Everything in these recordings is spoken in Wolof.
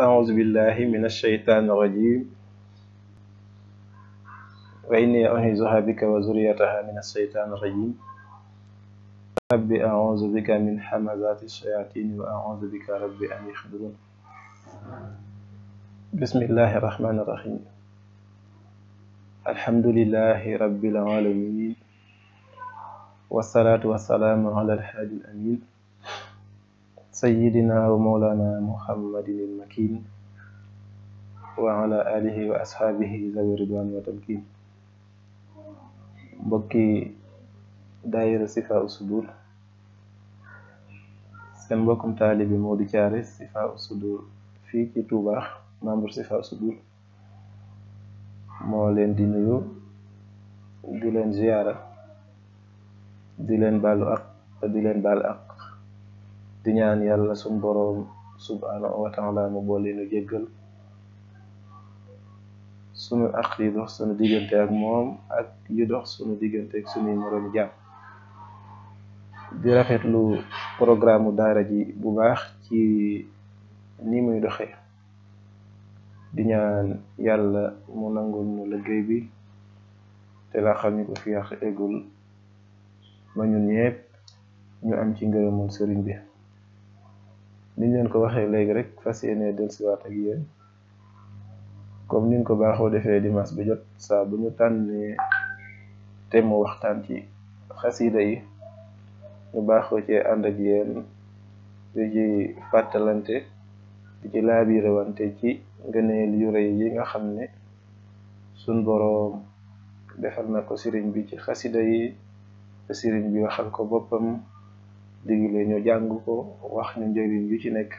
أعوذ بالله من الشيطان الرجيم وإني أعوذ بك وزريتها من الشيطان الرجيم رب أعوذ بك من حمزات الشياطين وأعوذ بك رب أن يحضرون بسم الله الرحمن الرحيم الحمد لله رب العالمين والصلاة والسلام على الحاج الأمين sayyidina wa mawlana muhammadin ilmakin wa ala alihi wa ashaabihi zawi ridwan wa tamkin mbokki daayira sifa usudur seen mbokkum taalibi Modou Thiaré sifa usudur fii ci Touba membre sifa usudur moo leen di nuyu di leen ziyaara di leen baalu ak di leen baal ak di ñaan yàlla sun borom subhanahu wa taala mu boole ñu jéggal sunu aq yi dox sunu diggante ak moom ak yu dox sunu diggante ak sunu morom jàmm di rafetlu programme daara ji bu baax ci ni muy doxee di ñaan yàlla mu nangul ñu liggéey bi te la xam ni ko fi yàq égul ma ñun ñëpp ñu am ci ngërëmul sëriñ bi niñ leen ko waxee léegi rek fas yéene dellusiwaat ak yéen comme niñ ko baaxoo defee dimanche bi jot saa bu ñu tànnee te mu waxtaan ci xasida yi ñu baaxoo ci ànd ak yéen di ci fàttalante di ci laabiirewante ci ngëneel yi nga xam ne suñ boroom defal na ko sëriñ bi ci xasida yi te bi waxal ko boppam digle ñu jàng ko wax ñu njëriñ yu ci nekk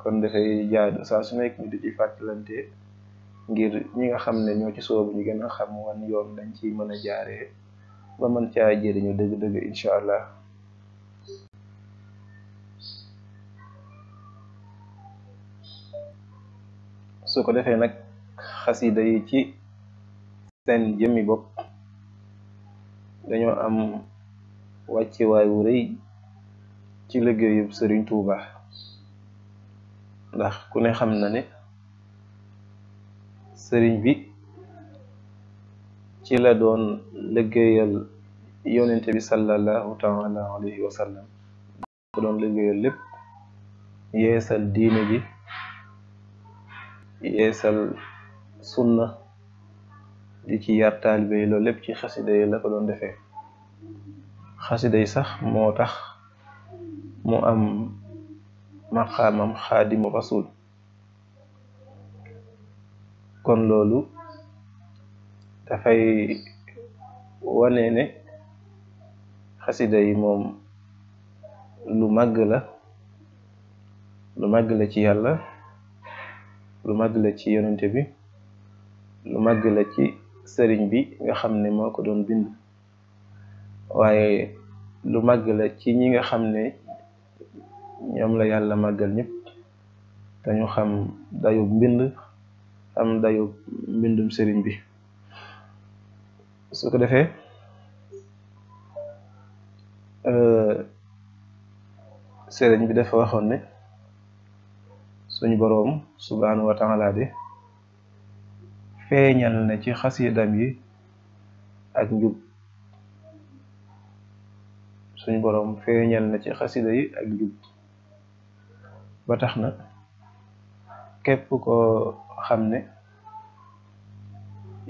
kon dafay jaar saa su nekk ñu di ci fàttalante ngir ñi nga xam ne ñoo ci soobu ñu gën a xam wan yoon dañ ci mën a jaaree ba mën caa jëriñu dëgg-dëgg incha allah su ko defee nag xasida yi ci seen jëmmi bopp dañoo am wàcce waay wu rëy ci liggéeyub sëriñ Tuuba ndax ku ne xam na ne sëriñ bi ci la doon liggéeyal yonente bi sallallahu taala alayhi wa sallam ko doon liggéeyal lépp yeesal diine ji yeesal sunna di ci yar taalibe yi loolu lépp ci xasida yi la ko doon defee xasida yi sax moo tax mu am maqaamam xaadimu rasul kon loolu dafay wane ne xasida yi moom lu màgg la lu màgg la ci yàlla lu mag la ci yonente bi lu màgg la ci sëriñ bi nga xam ne moo ko doon bind waaye lu màgg la ci ñi nga xam ne ñoom la yàlla màggal ñépp dañu xam dayub mbind xam dayub mbindum sëriñ bi su ko defee euh, sëriñ bi dafa waxoon ne suñu boroom subhaanahu wa feeñal na ci xasidam yi ak njub suñu boroom feeñal na ci xasida yi ak njub ba tax na képp koo xam ne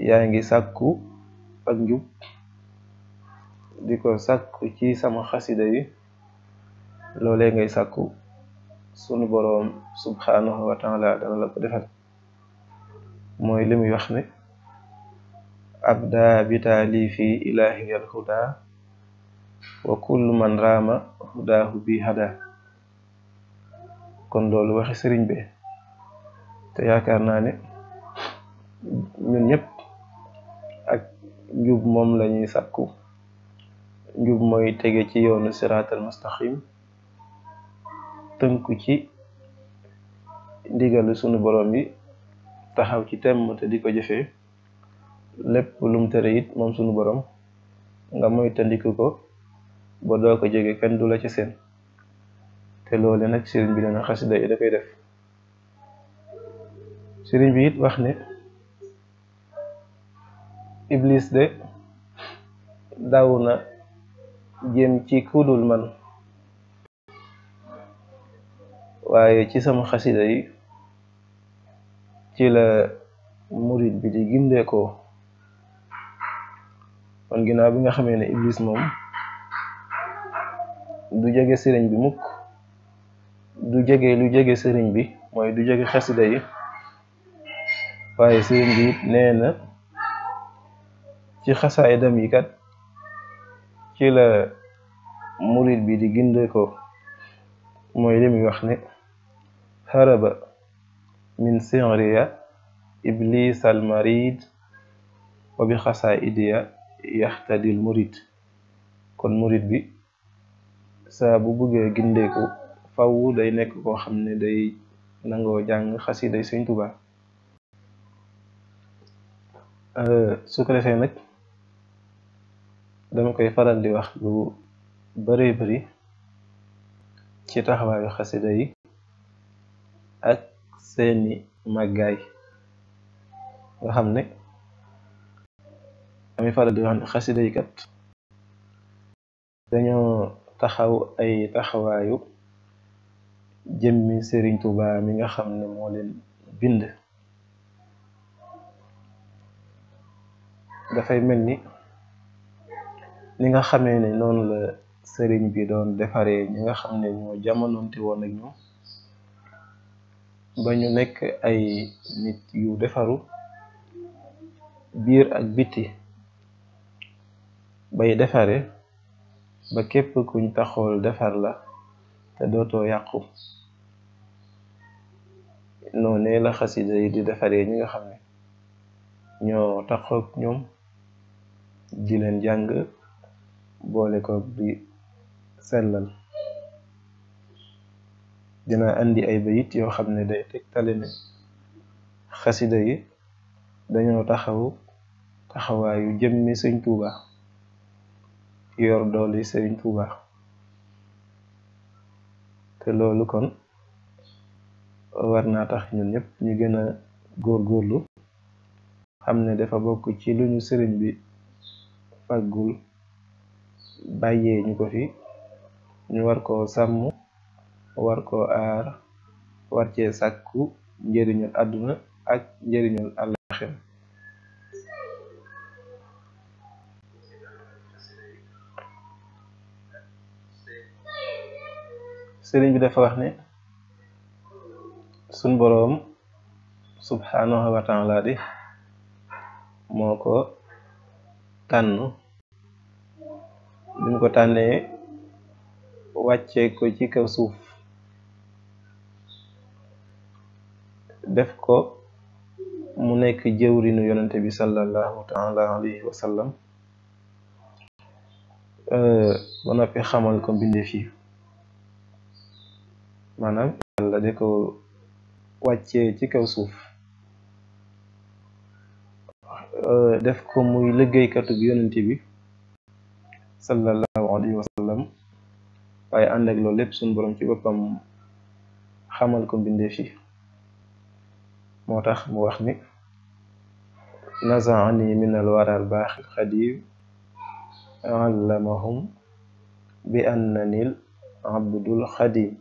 yaa ngi sàkku ak njub di ko sàkku ci sama xasida yi loolee ngay sàkku sunu boroom subhanahu wa taala dana la ko defal mooy li muy wax ne abda bitaali fi ilahi al huda wa kullu man raama hudahu bi kon loolu waxi sëriñ bi te yaakaar naa ne ñun ñëpp ak njub moom lañuy sàkku njub mooy tege ci yoonu siraatal mustaqim tënku ci ndigalu sunu boroom yi taxaw ci temm te di ko jëfee lépp lum tere moom sunu borom nga moytandiku ko ba doo ko jege kenn du la ci seen te loole nag sëriñ bi dana xasida yi da koy def sëriñ bi it wax ne iblis de daw na jëm ci kudul man waaye ci sama xasida yi ci la murid bi di gindeekoo kon ginaaw bi nga xamee ne iblis moom du jege sëriñ bi mukk du jege lu jege sëriñ bi mooy du jege xasida yi waaye sëriñ bi it nee na ci xasaayidam yi kat ci la murid bi di ginde ko mooy li muy wax ne haraba min sinriya iblis al marid wa bi xasaayidiya yaxtadil murid kon murid bi saa bu bëggee ginde faw day nekk koo xam ne day nangoo jàng xasiday Sëñ Tuubaa euh, su ko defee nag dama koy faral di wax lu bare bari ci taxawaayu xasida yi ak seeni màggaay nga xam ne damay faral di wax ne xasida yi kat dañoo taxaw ay taxawaayu jëmmi sëriñ Tuuba mi nga xam ne moo leen bind dafay mel ni li nga xamee ne noonu la sëriñ bi doon defaree ñi nga xam ne ñoo jamonoonte woon ak ñoom ba ñu nekk ay nit yu defaru biir ak biti bay defaree ba képp kuñ taxool defar la te dootoo yàqu noonee la xasida yi di defaree ñi nga xam ne ñoo taxoog ñoom di leen jàng boole ko di sellal dina indi ay bayit yoo xam ne day tegtale ne xasida yi dañoo taxaw taxawaayu jëmmi sëñ Tuuba yor dooli sëñ Tuuba te loolu kon war naa tax ñun ñëpp ñu gën góor góorlu xam ne dafa bokk ci lu ñu sëriñ bi faggul bàyyee ñu ko fi ñu war koo sàmm war koo aar war cee sàkku njëriñul àdduna ak njëriñul àllaxira sëriñ bi dafa wax ne suñ boroom subhaanahu wa taala moo ko tànn bi ko tànnee wàccee ko ci kaw suuf def ko mu nekk jëwrinu yonente bi sallallahu taala alayhi wa sallam euh, ba noppi xamal ko mbindeef yi maanaam yàlla ko wàccee ci kaw suuf euh, def ko muy liggéeykatu bi yonente bi sallallahu alayhi wa waaye ànd ak lépp suñu boroom ci boppam xamal ko mbindeef yi moo tax mu wax ni nazaani min waral baax xadim allamahum bi annanil abdul xadim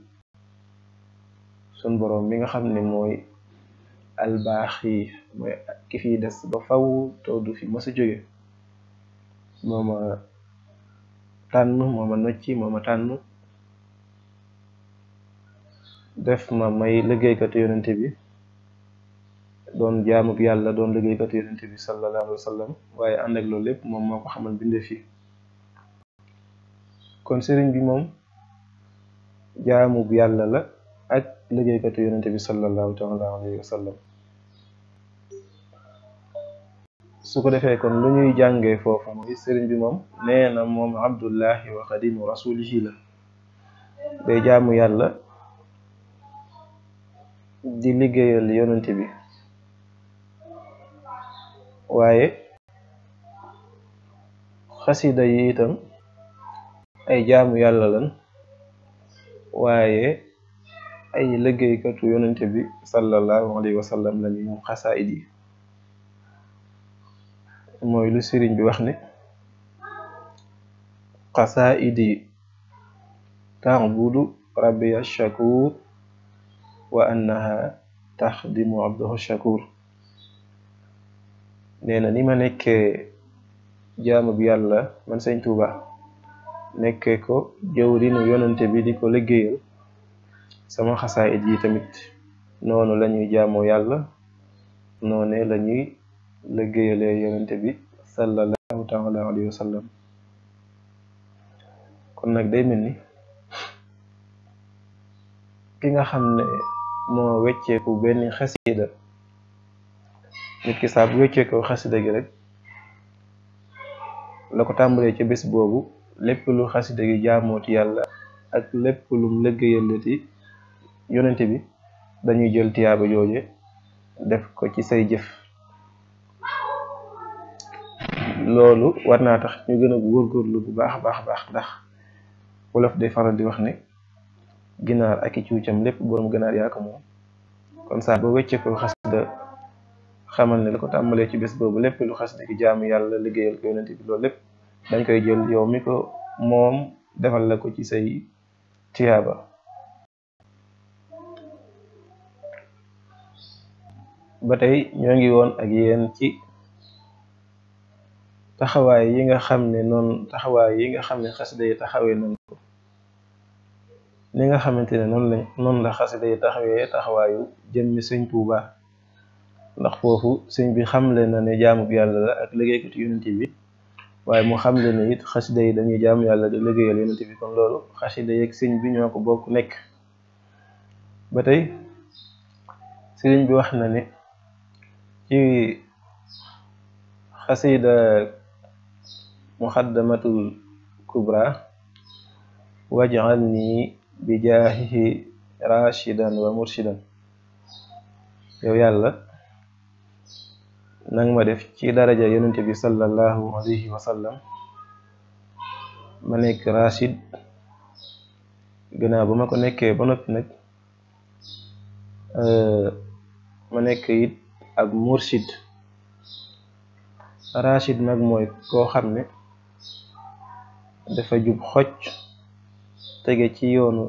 sun boroom mi nga xam ne mooy albaaxi mooy ki fi des ba faw taw du fi mës a jóge mooma tànn mooma nocci mooma tànn def ma may liggéeykatu yonente bi doon jaamub yàlla doon liggéeykatu yonente bi sallallahu alayhi wa sallam waaye ànd ak lépp moom moo ko xamal bindee fi kon sëriñ bi moom jaamub yàlla la ak liggéeykatu yonente bi sallallahu taala alayhi su ko defee kon lu muy jàngee foofu mooy sëriñ bi moom nee na moom abdullahi wa xadimu la day jaamu yàlla di liggéeyal yonente bi waaye xasida yi itam ay jaamu yàlla lan waaye ay liggéeykatu yonente bi sallallahu alayhi wa sallam lañu moom xasaayid mooy lu sëriñ bi wax ne xasaayidi taabudu rabbiya shakur wa annaha taxdimu abdahu shakur nee na ni ma nekkee jaamu bi yàlla man sëñ Tuuba nekkee ko jëwrinu yonente bi di ko liggéeyal sama xasaayit yi tamit noonu la ñuy jaamoo yàlla noone la ñuy liggéeyalee yonente bi sallallahu taala alayhi wa kon nag day mel ni ki nga xam ne moo wecceeku benn xasida nit ki saa bu wecceekoo xasida gi rek la ko tàmbalee ci bés boobu lépp lu xasida gi jaamooti yàlla ak lépp lum liggéeyalati yonente bi dañuy jël tiyaaba jooje def ko ci say jëf loolu war naa tax ñu gën a góorgóorlu bu baax baax baax ndax wolof day faral di wax ne ginaar ak i cuucam lépp boroom ginaar yaa ko moom kon saa ba wécce ko xamal ne ko tàmbalee ci bés boobu lépp lu xas xasida ki jaamu yàlla liggéeyal ko yonente bi loolu lépp dañ koy jël yow mi ko moom defal la ko ci say tiyaaba ba tey ñoo ngi woon ak yéen ci taxawaay yi nga xam ne noonu taxawaay yi nga xam ne xasida yi taxawee nga xamante ne noonu la noonu la xasida yi taxawee taxawaayu jëmmi sëñ Tuuba ndax foofu sëñ bi xam xamle na ne jaamub yàlla la ak liggéeykat yonent bi waaye mu xamle ne it xasida yi dañuy jaamu yàlla di liggéeyal yonent bi kon loolu xasida yeeg sëñ bi ñoo ko bokk nekk ba tey sëriñ bi wax na ne ci xasida muxaddamatul kubra waj'alni bi jaahihi rashidan wa murshidan yow yàlla nang ma def ci daraja yonente bi sallallahu alayhi wa ma nekk rashid gannaaw ba ma ko nekkee ba noppi nag euh, ma nekk it ab mursid rachid nag mooy koo xam ne dafa jub xocc tege ci yoonu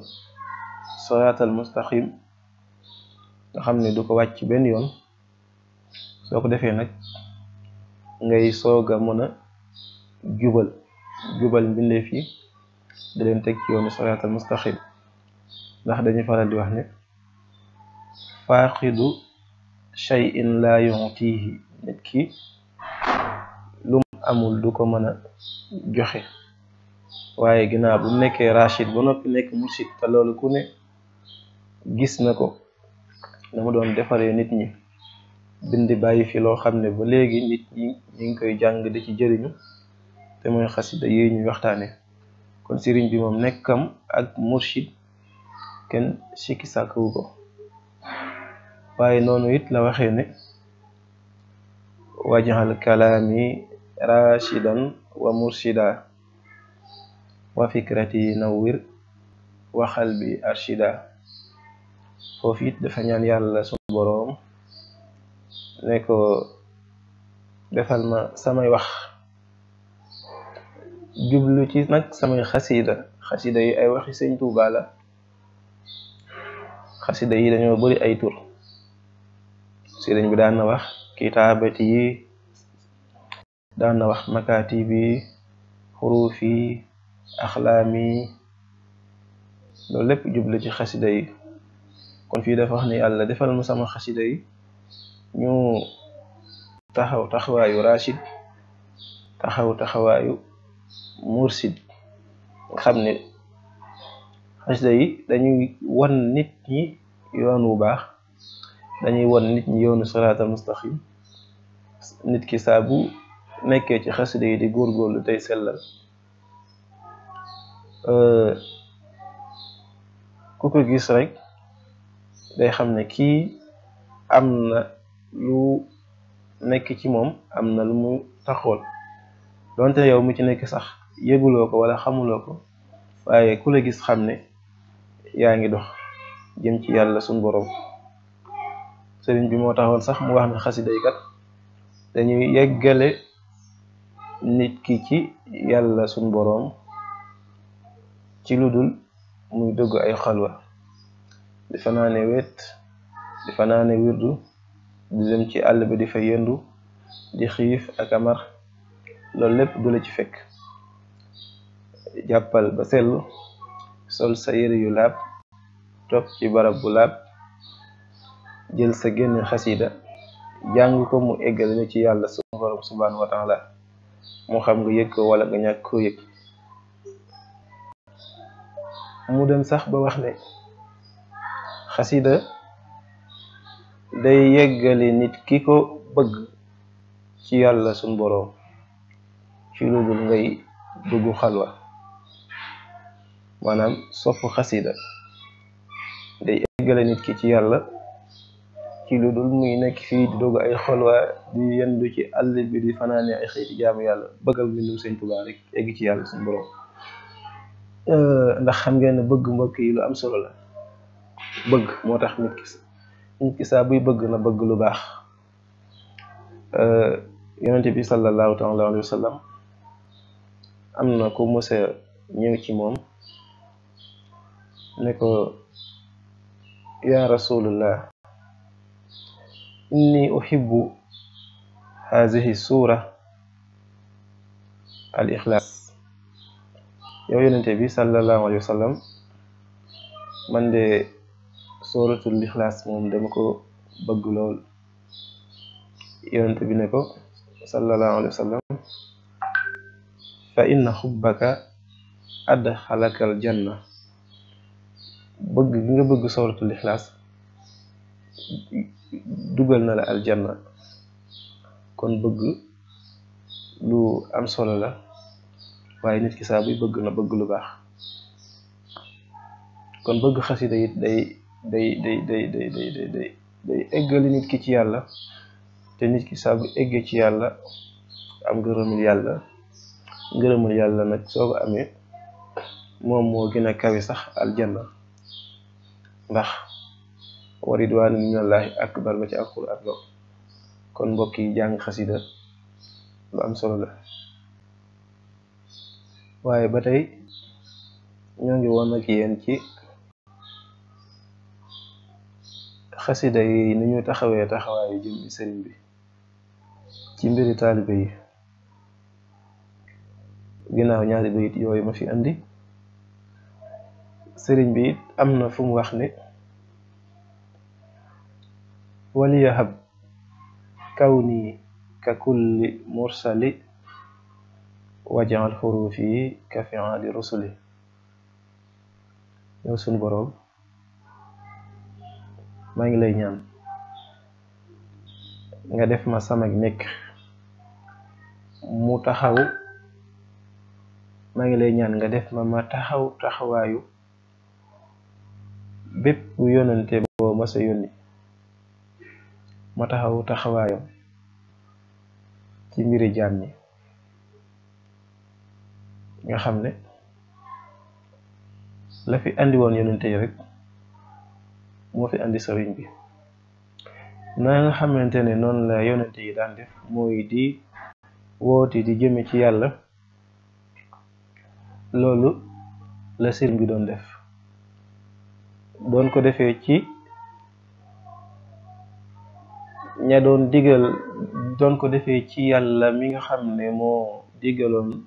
siraatal mustaqim nga xam ne du ko wàcc benn yoon soo ko defee nag ngay soog a mën a jubal jubal mbindeef yi da teg ci yoonu siraatal mustaqim ndax dañuy faral di wax ne faaqidu shay'in laa yu'tihi nit ki lu mu amul du ko mën a joxe waaye ginnaaw bu nekkee rachid ba noppi nekk mursid te loolu ku ne gis na ko na mu doon defaree nit ñi bindi bàyyi fi loo xam ne ba léegi nit ñi ñu ngi koy jàng di ci jëriñu te mooy xasida yi ñuy waxtaane kon sëriñ bi moom nekkam ak mursid kenn sikki sàkkawu ko waaye noonu it la waxee ne wajhal kalaami rashidan wa murshida wa fikrati nawwir wa xalbi arshida foofu it dafa ñaan yàlla sunu boroom ne defal ma samay wax jublu ci nag samay xasida xasida yi ay waxi sëñ Tuubaa la xasida yi dañoo bari ay tur sëriñ bi daan na wax kitaabati yi daan na wax makaatibi xuruufi axlaami loolu lépp jublu ci xasida yi kon fii dafa wax ne yàlla defal mu sama xasida yi ñu taxaw taxawaayu rachid taxaw taxawaayu mursid xam ne xasida yi dañuy wan nit ñi yoon wu baax dañuy won nit ñi yoonu siraatal mustaqim nit ki saabu nekkee ci xasida yi di góorgóorlu tey sellal ku ko gis rek day xam ne kii am na lu nekk ci moom am na lu mu taxool donte yow mu ci nekk sax yëguloo ko wala xamuloo ko waaye ku la gis xam ne yaa ngi dox jëm ci yàlla suñ borom sëriñ bi moo taxoon sax mu wax ne xasida kat dañuy yeggale nit ki ci yàlla sun borom ci lu muy dugg ay xalwa di fanaane wet di fanaane wirdu di jëm ci àll bi di fa yëndu di xiif ak amar loolu lépp du la ci fekk jàppal ba sellu sol sa yére yu laab toog ci barab bu laab jël sa génn xasida jàng ko mu eggal la ci yàlla sunu borom subhaanahu wa taala moo xam nga yëg ko walla nga ñàkk koo yëg mu dem sax ba wax ne xasida day yeggali nit ki ko bëgg ci yàlla sunu borom ci lu dul ngay dugg xalwa maanaam sopp xasida day eggale nit ki ci yàlla ci lu dul muy nekk fii di dugg ay xolwa di yendu ci àll bi di fanaane ay xëy di jaamu yàlla bëggal mbindum sëñ Tuubaa rek egg ci yàlla suñu borom ndax xam ngeen ne bëgg mbokk yi lu am solo la bëgg moo tax nit ki nit ki saa buy bëgg na bëgg lu baax yonent bi sallallahu taala alayhi wa sallam am na ku mos a ñëw ci moom ne ko yaa rasulullah إني أحب هذه السورة al-Ikhlaas yow yonente bi sallallahu alayhi wa man de sooratul Ikhlaas moom dama ko bëgg lool yonente bi ne ko sallallahu alayhi wa sallam fa inna xubbaka adxalaka aljanna bëgg gi nga bëgg sooratul Ikhlaas dugal na la aljanna kon bëgg lu am solo la waaye nit ki saa buy bëgg na bëgg lu baax kon bëgg xasida it day day day day day day nit ki ci yàlla te nit ki saa bu eggee ci yàlla am ngërëmul yàlla ngërëmul yàlla nag soo ko amee moom moo gën a kawi sax aljanna ndax wa ridwaanu minallaahi akbar ba ci alxuraan ba kon mbokk yi jàng xasida lu am solo la waaye ba tey ñoo ngi woon ak yéen ci xasida yi ni ñu taxawee taxawaayu jëmmi sëriñ bi ci mbiri taalibe yi ginnaaw ñaari bayit yooyu ma fi indi sëriñ bi it am na fu mu wax ni waliyahab kauni ka kulli mursali wajal hurufi ka fi'ali rusuli yo sun borom ma ngi lay ñaan nga def ma sama gi nek mu taxaw ma bo ma yoni ma taxawu taxawaayam ci mbiri jaam yi nga xam ne la fi andi woon yonente yi rek moo fi andi sëriñ bi na nga xamante ne noonu la yonente yi daan def mooy di woote di jëme ci yàlla loolu la sëriñ bi doon def doon ko defee ci ña doon digal doon ko defee ci yàlla mi nga xam ne moo digaloon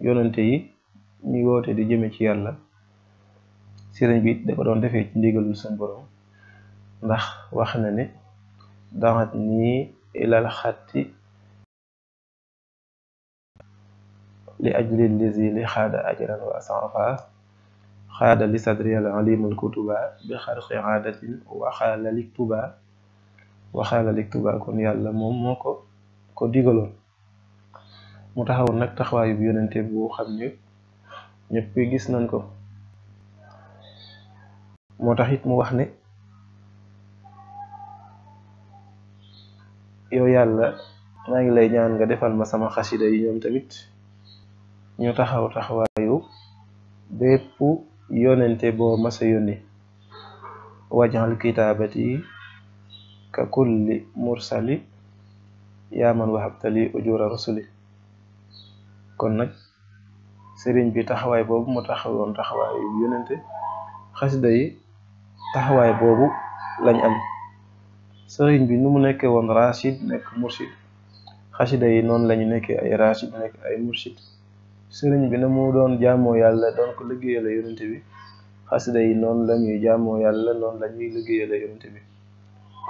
yonante yi ñuy woote di jëme ci yàlla sëriñ bi da ko doon defee ci ndigalul seen borom ndax wax na ne daxat nii ilal xatti li ajli lizi li xaada ajran wa asanfa xaada li sadriyal alimul kutuba bi xarqi aadatin waxaala liktuba waxala lig tuba kon yalla mom moko ko ko mu taxaw nak taxaway bu yonente bu xam ñepp gis nañ ko moo tax it mu wax ne yo yalla ma ngi lay ñaan nga defal ma sama xasida yi ñom tamit ñu taxaw taxawaayu bépp yonente ma sa yoni kitabati ككل مرسل yaa man wahabta li ujura rusuli kon nag sëriñ bi taxawaay boobu mu taxawoon taxawaay yonente xasida yi taxawaay boobu lañ am sëriñ bi nu mu nekkee woon rachid nekk mursid xasida yi noonu lañu nekkee ay rachid nekk ay mursid sëriñ bi na mu doon jaamoo yàlla doon ko liggéeyale bi xasida yi noonu lañuy jaamoo yàlla noonu lañuy liggéeyale yonente bi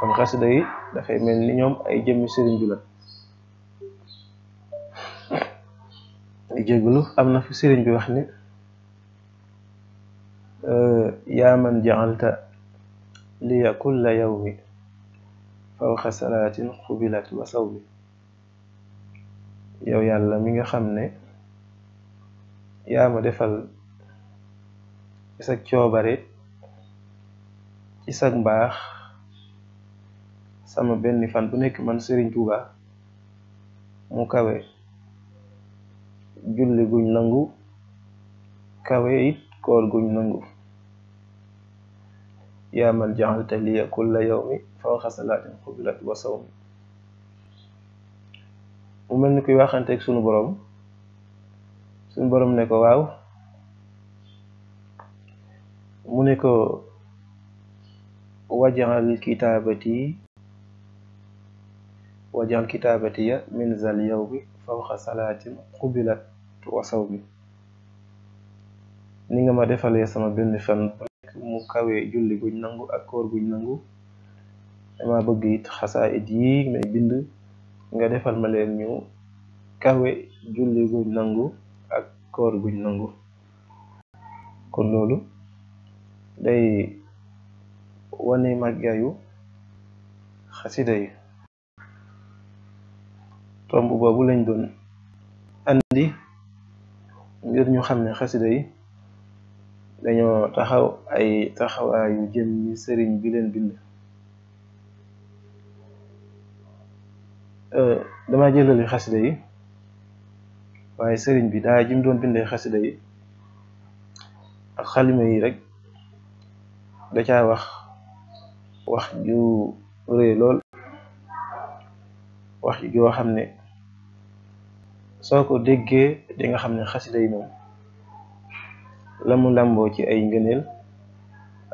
kon xasida dafay mel ni ñoom ay jëmmi sëriñ bi la jéglu am na fi sëriñ bi wax ni yaa man jaxalta liya kulla mi fawqa salaatin xubilat wa sawmi yow yàlla mi nga xam ne yaa ma defal ci sag coobare ci sag mbaax sama benn fan bu nekk man Serigne Touba mu kawe julli guñ nangu kawe it koor guñ nangu yaa man jaxalta liya kulla yawmi fawqa salaatin xubilat wa sawmi mu mel ni kuy waxanteeg sunu borom sunu borom ne ko waaw mu ne ko wajaxal kitaabati wajal kitaabatiya min zal yawmi fawqa salaatin qubilat wa sawmi ni nga ma defalee sama benn fan mu kawee julli guñ nangu ak koor guñ nangu dama bëgg it xasaayit yi may bind nga defal ma leen ñu kawe julli guñ nangu ak koor guñ nangu kon loolu day wane màggaayu xasida yi tomb boobu lañ doon andi ngir ñu xam ne xasida yi dañoo taxaw ay taxawaayu jëm ñi sëriñ bi leen bind euh, dama jëlali xasida yi waaye sëriñ bi daa jim doon bindee xasida yi ak xalima yi rek da caa wax wax ju rëy lool wax yi yo xamne soko degge déggee di nga xamne khassida yi mom lamu lambo ci ay ngeenel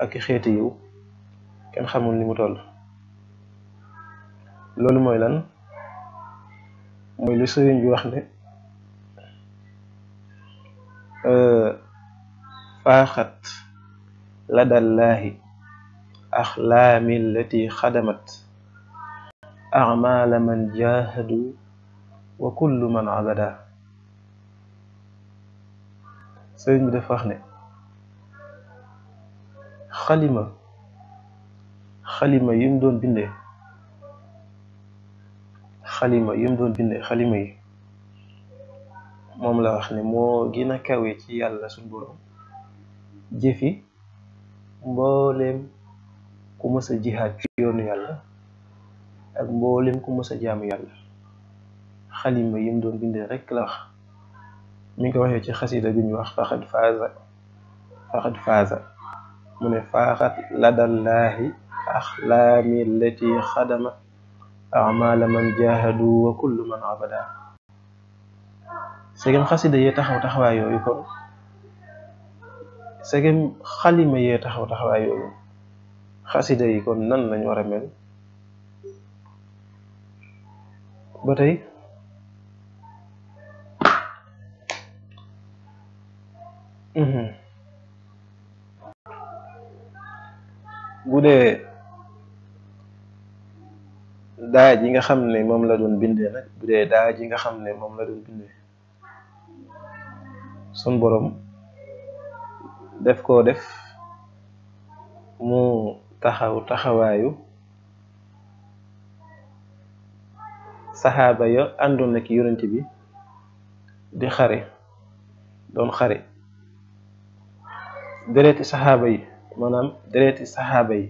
ak xéte yu ken xamul ni mu toll lolou moy lan moy li sëriñ bi wax ne euh faaxat ladallahi axlaami lati khadamat أعمال من جاهدوا وكل من عبده سيد بدا فخني خليما خليما يمدون بني خليما يمدون بندي خليما موم لا وخني مو غينا كاوي تي يالا سون بوروم جيفي مبولم كومسا جهاد في يونو ak mboolem ku mës a jaamu yàlla xalima yim doon bindee rek la wax mi ngi ko waxee ci xasida bi ñu wax faxat faaza faxat faaza mu ne faaxat ladallaahi axlaami lati xadama amala man jahadu wa kullu man abada segem xasida ye taxaw taxawaay yooyu kon segem xalima yee taxaw taxawaay yooyu xasida yi kon nan lañ war a mel bớt đi bu daa ji nga xam ne moom la doon bindee nag bu dee daa ji nga xam ne la doon bindee sun borom def ko def mu taxaw taxawaayu saxaaba ya àndoon ak yonent bi di xare doon xare dereeti saxaaba yi maanaam dereeti saxaaba yi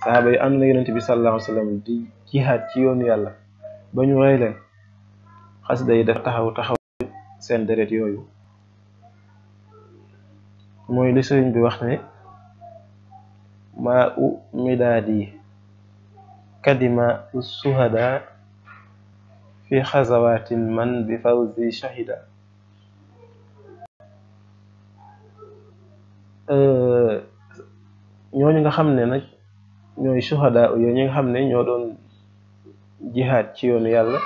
saxaaba yi àndoon na yonent bi sallallahu alayhi di jihaad ci yoonu yàlla ba ñu rey leen xasida yi dafa taxaw taxaw seen deret yooyu mooy li sëriñ bi wax ne maa u midaadi kadima suhada fi xazawatin man bi fa fawzi shahida ñooñu nga xam ne nag ñooy shuhada yooyu ñi nga xam ne ñoo doon jihaad ci yoonu yàlla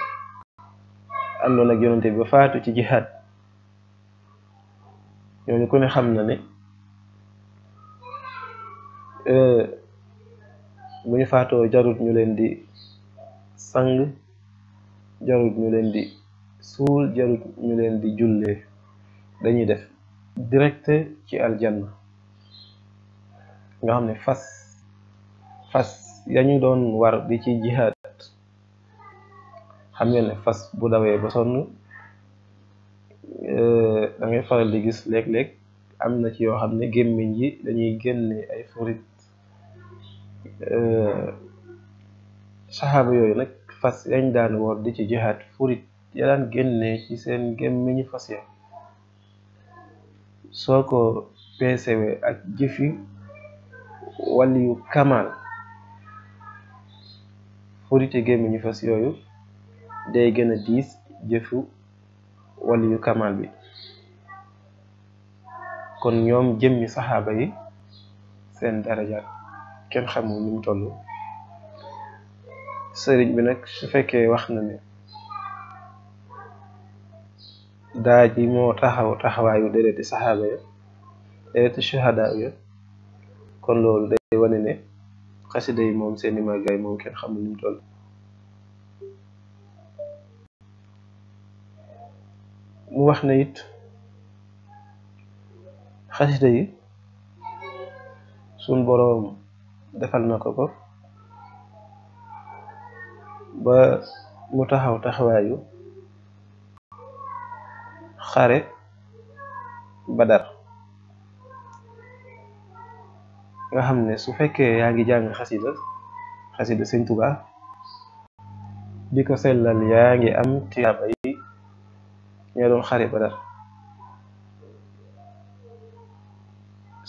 àndoon ak yonente bi ba faatu ci jihaad ñooñu ku xam na ne bu ñu faatoo jarut ñu leen di sang jarut ñu leen di suul jarut ñu leen di jullee dañuy def direct ci aljanna nga xam ne fas fas yañu doon war di ci jihaad xam ngeen ne fas bu dawee ba sonn euh, dangay faral di gis léeg-léeg am na ci yoo xam ne gémmiñ yi dañuy génne ay furit euh, saxaaba yooyu nag fas yañ daan woor di ci joxaat furit ya daan génne ci seen gémmiñu fas ya soo ko peesewe ak jëfi wàlli yu furite gémmiñu fas yooyu day gën a diis jëfu wàlli yu kamal bi kon ñoom jëmmi saxaaba yi seen daraja kenn xamul ni mu toll sëriñ bi nag su fekkee wax na ne daa ji moo taxaw taxawaayu dereti saxaaba ya dereti shuhadaa ya kon loolu day wane ne xasida yi moom seeni màggaay moom kenn xamul ni mu toll mu wax na it xasida yi suñ boroom defal na ko ko ba mu taxaw taxawaayu xare badar nga xam ne su fekkee yaa ngi jàng xasida xasida sëñ Tuubaa di ko sellal yaa ngi am tiyaaba yi ña doon xare badar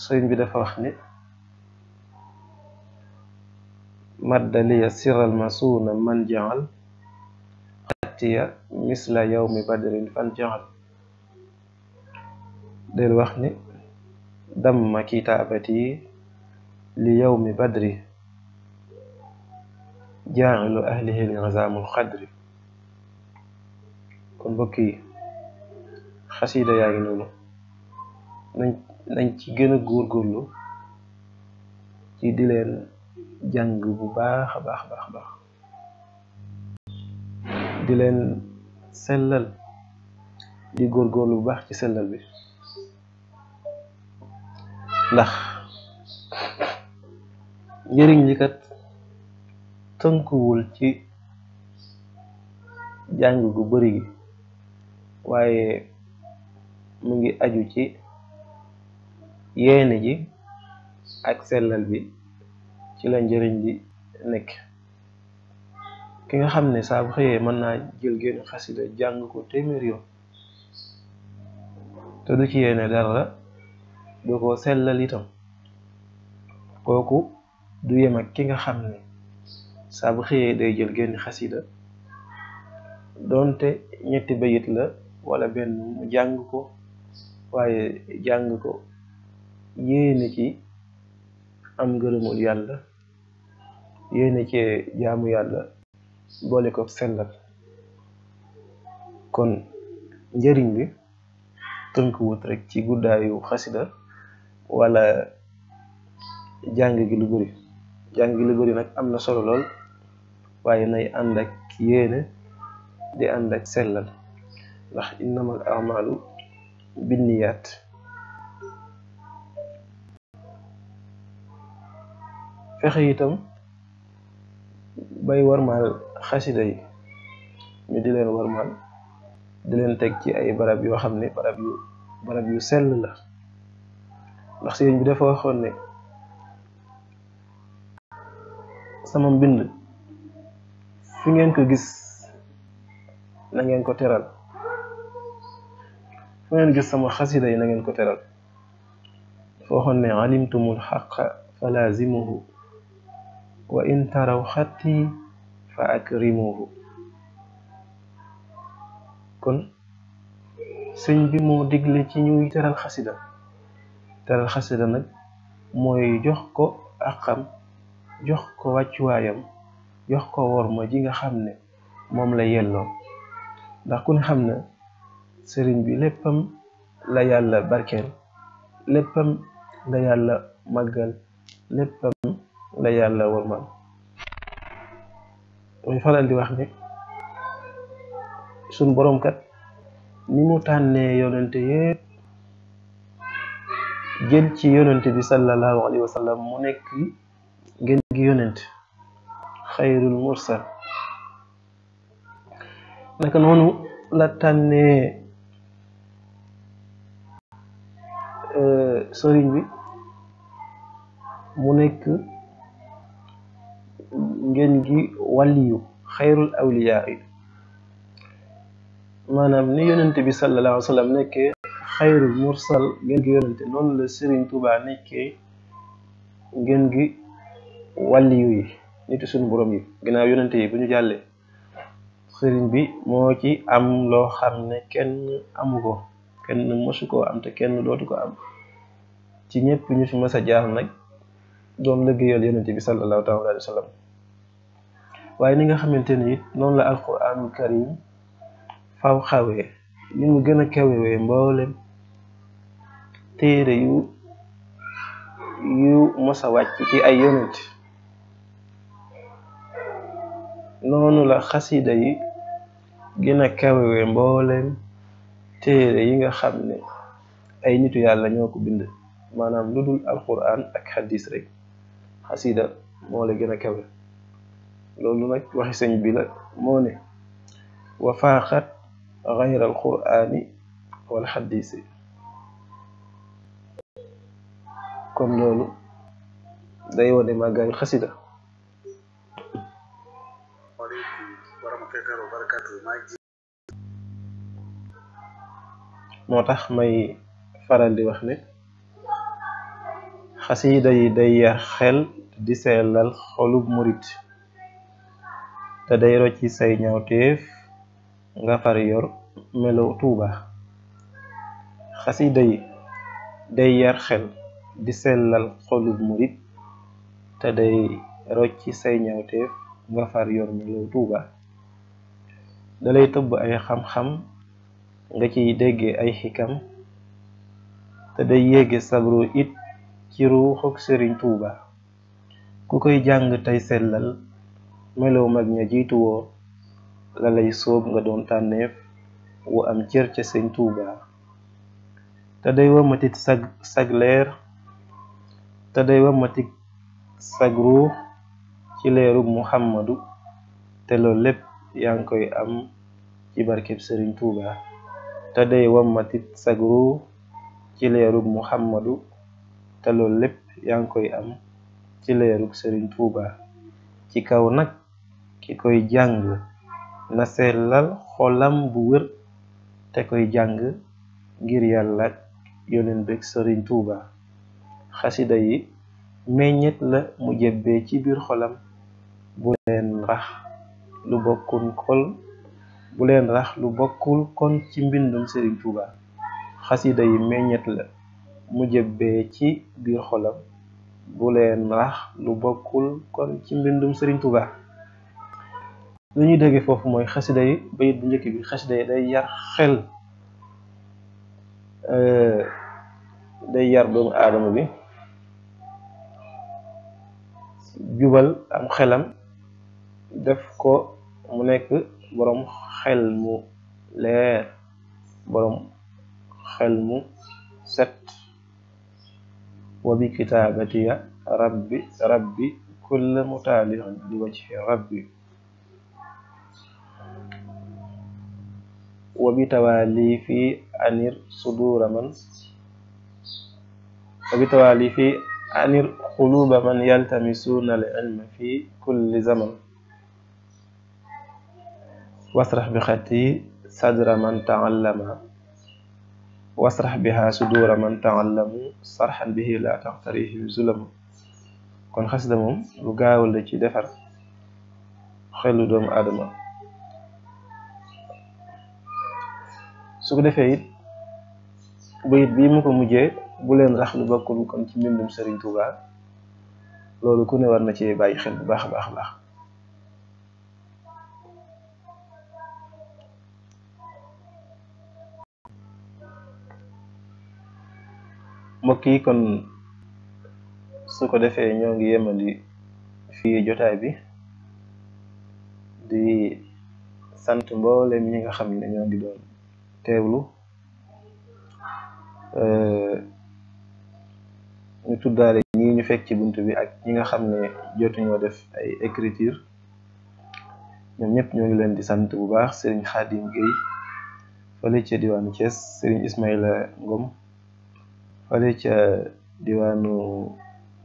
sëñ bi dafa wax ne maddaliya siral masuuna man jaal atiya misla yawmi badrin fan jaal del wax ni damma kitaabati li yawmi badri jaaxilu ahlihi lizaamul xadri kon mbokk yi xasida yaa ngi noonu nañ nañ ci gën a góorgóorlu ci di leen jang bu baax bah, baax baax baax di len selal di gor lu baax ci selal bi ndax njëriñ li kat tënkuwul ci jang gu bari gi waye mu ngi aju ci yene ji ak selal bi ci la njëriñ li nekk ki nga xam ne saa bu xëyee mën naa jël génn xasida jàng ko téeméer te du ci yéene dara du ko sellal kooku du yem ak ki nga xam ne saa bu xëyee day jël génn xasida doonte ñetti bayit la wala benn jàng ko waaye jàng ko yéene ci am ngërëmul yàlla yéene ce jaamu yàlla boole ko sellal kon njëriñ bi tënkuwut rek ci guddaayu xasida walla jàng gi lu bëri nag am na solo lool waaye nay ànd ak yéene di ànd ak sellal ndax innamal amalu binniyaat fexe itam bay warmaal xasida yi ñu di leen warmaal di leen teg ci ay barab yoo xam ne barab yu barab sell la ndax sëriñ bi dafa waxoon ne sama mbind fi ngeen ko gis na ngeen ko teral fu ngeen gis sama xasida yi na ngeen ko teral dafa waxoon ne alimtumul xaqa falazimuhu wa in taraw xatti fa akrimuhu kon sëñ bi moo digle ci ñuy teral xasida teral xasida nag mooy jox ko àqam jox ko wàccuwaayam jox ko worma ji nga xam ne moom la yelloo ndax ku ne xam ne sëriñ bi léppam la yàlla barkeel léppam la yàlla màggal léppam la yàlla warmal muy faral di wax ne suñ boroom kat ni mu tànnee yonente yépp jël ci yonente bi sallallahu alayhi wa sallam mu nekk gën gi yonent xayrul mursal naka noonu la tànnee euh, sëriñ bi mu nekk ngeen gi wàlliyu xayrul awliyaa yi maanaam ni yonente bi sallallahu alayhi wa sallam nekkee xayrul mursal ngeen gi yonente noonu la Sëriñ Tuubaa nekkee ngeen gi wàlliyu yi niti suñu boroom yi ginaaw yonente yi bu ñu jàllee sëriñ bi moo ci am loo xam ne kenn amu ko kenn mësu koo am te kenn dootu ko am ci ñëpp ñu fi mës a jaar nag doon liggéeyal yonente bi sallallahu taala alayhi wa sallam waaye ni nga xamante ni it noonu la alquranul karim faw xawee ni mu gën a kawewee mboolem téere yu yu mos a wàcc ci ay yonent noonu la xasida yi gën a kawewee mboolem téere yi nga xam ne ay nitu yàlla ñoo ko bind maanaam lu dul alquran ak xadis rek xasida moo la gën a kawe loolu nag waxi sëñ bila la moo ne wa faaxat gayra qurani wal xadisi kon loolu day wane màggaayu xasida moo tax may faral di wax ne xasida yi day yar xel di sellal xolub murit te day rocci say ñawteef nga far yor melo tuuba xasida yi day yar xel di sellal xolub murit te day rocci say ñawteef nga far yor melo tuuba dalay tëbb ay xam-xam nga ciy dégge ay xikam te day yéege sabru it ci ruuxuk sëriñ tuuba ku koy jàng tey sellal melow mag ña jiitu woo la lay sóob nga doon tànneef wu am cër ca sëñ Tuuba te day wamatit sag sag leer te day wamatit sag ci leeru Muhammadu te loolu lépp yaa ngi am ci barkeb te day wamatit sag ruux ci leeru Muhammadu te loolu lépp yaa ngi koy am ci leerug sëriñ Tuuba ci kaw nag ki koy naselal, na buir, xolam bu wër te koy jang ngir yalla yonen bek serigne touba khassida yi meññet la mu jebbe ci bir xolam bu len rax lu kon bu len rax lu bokkul kon ci mbindum serigne touba khassida yi meññet la mu jebbe ci bir xolam bu len rax lu bokkul kon ci mbindum serigne touba lu ñuy dégg foofu mooy xasida yi bayit bu njëkk bi xasida yi day yar xel day yar doomu aadama bi jubal am xelam def ko mu nekk boroom xel mu leer boroom xel mu set wa bi kitaabatiya rabbi rabbi kulla mutaalixin li wajhi rabbi wa bi tawalifi anir sudura man wa bi tawalifi anir xuluba man yaltamisuna al ilma fi kulli zaman wasrax bi xati sadra man taallama wasrax biha sudura man taallamu sarxan bihi la taqtarihim zulamu kon xasida moom lu la ci defar xelu doomu aadama su ko defee it bayit bii mu ko mujjee bu leen rax lu bokkul kon ci mbindum Serigne Touba loolu ku ne war na ci bàyyi xel bu baax a baax baax mbokki kon su ko defee ñoo ngi yemandi fii jotaay bi di sant mboolem ñi nga xam ne ñoo ngi doon teewlu euh, ñu tuddaale ñii ñu fekk ci bunt bi ak ñi nga xam ne jotuñoo def ay écriture ñoom ñëpp ñoo ngi leen di sant bu baax sëriñ Xaadim Guèye fële ca diwaanu Thiès sëriñ Ismaïla Ngom fële diwaanu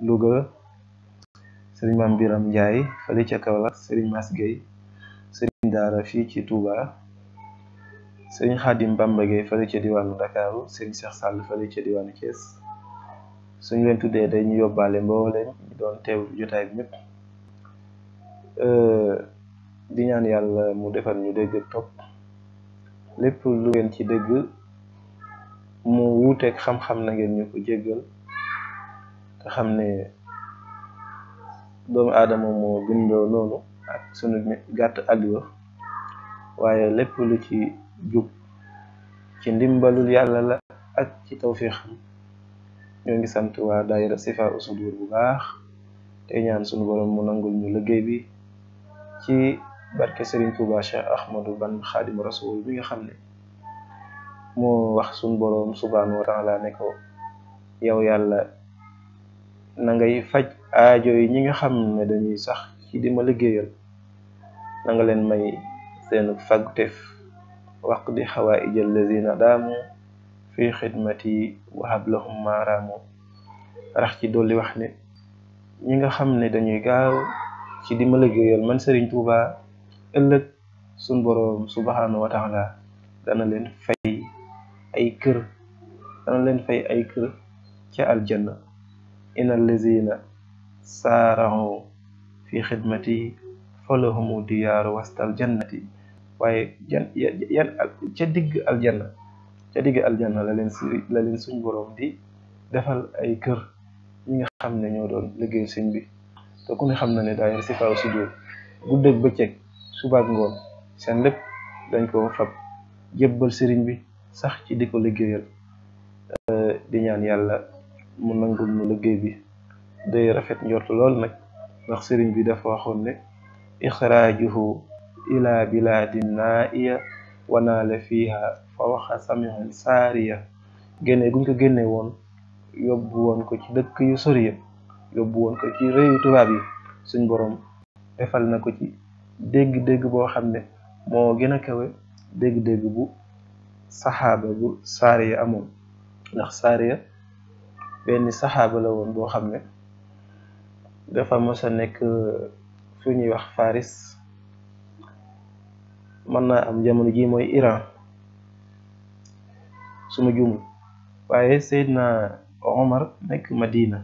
Louga sëriñ Maam Biram njaay fële ca Kaolack sëriñ Mas Guèye Daara fii ci tuuba sëriñ Xaadim Bamba fa fële ca diwaanu Ndakaaru sëriñ Cheikh Sall fële ca diwaanu Thiès suñu leen tuddee dañu yóbbaale mbooleem ñu doon teew jotaay bi ñëpp di yàlla mu defal ñu dégg topp lépp lu ngeen ci dégg mu wuuteeg xam-xam na ngeen ñu ko jéggal te xam ne doomu aadama moo bindoo noonu ak sunu gàtt àll waaye lépp lu ci jub ci ndimbalul yalla la ak ci tawfiq ñu ngi sant wa daayira sifa usudur bu baax te ñaan suñu borom mu nangul ñu liggey bi ci barke Serigne Touba Cheikh Ahmadou Ban khadim rasoul bi nga xamne mo wax suñu borom subhanahu wa taala ne ko yow yalla na ngay faj aajo yi ñi nga xamne dañuy sax ci mai liggeyal na nga len may seen waqdi xawaaij allazina daamu fi xidmati wahab lahum maaraamu rax ci dolli wax ne ñi nga xam ne dañuy gaaw ci di ma liggéeyal man Serigne Touba ëllëg sun boroom subhaanahu wa taala dana leen fay ay kër dana leen fay ay kër ca aljanna ina allazina saarahu fi xidmati falahumu diyaaru wastal jannati waaye jan yan ca digg aljanna ca digg aljanna la leen si la suñ boroom di defal ay kër ñi nga xam ne ñoo doon liggéey sëñ bi te ku ne xam na ne daayir si faaw si dóor guddeeg bëccëg subaak ngoon seen lépp dañ ko fab jébbal sëriñ bi sax ci di ko liggéeyal di ñaan yàlla mu nangul nu liggéey bi day rafet njort lool nag ndax sëriñ bi dafa waxoon ne ixraajuhu إلى بلاد نائية ونال فيها فوق سمع سارية génne guñ ko génne woon yóbbu woon ko ci dëkk yu sori ya yóbbu woon ko ci réewu tubaab yi suñ boroom defal na ko ci dégg-dégg boo xam ne moo gën a kawe dégg-dégg bu saxaaba bu saariya amoon ndax saariya benn saxaaba woon boo xam ne dafa mës nekk fu ñuy wax faris mën naa am jamono ji mooy Iran suma jumul waaye Seydina Omar nekk Madina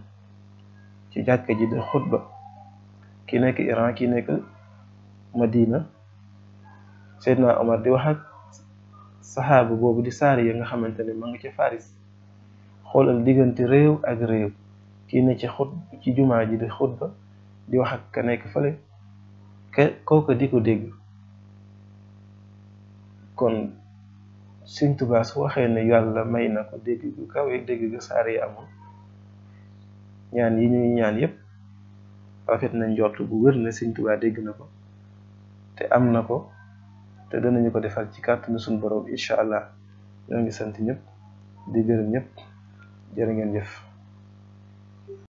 ci jàkka ji da xutba ki nekk Iran ki nekk Madina Seydina Omar di waxak ak boobu di saar yi nga xamante ne ma nga ca Faris xoolal diggante réew ak réew kii ne ci xut ci jumaa ji di xutba di wax ak ka nekk fële ka kooka di ko dégg kon Sëñ Tuubaa su waxee ne yàlla may na ko dégg gu kawe dégg gu saare yi amul ñaan yi ñuy ñaan yépp rafet na njort bu wér na Sëñ Tuubaa dégg na ko te am na ko te danañu ko defal ci kàttanu suñ borom incha allah ñoo ngi sant ñëpp di gërëm ñëpp jërë ngeen jëf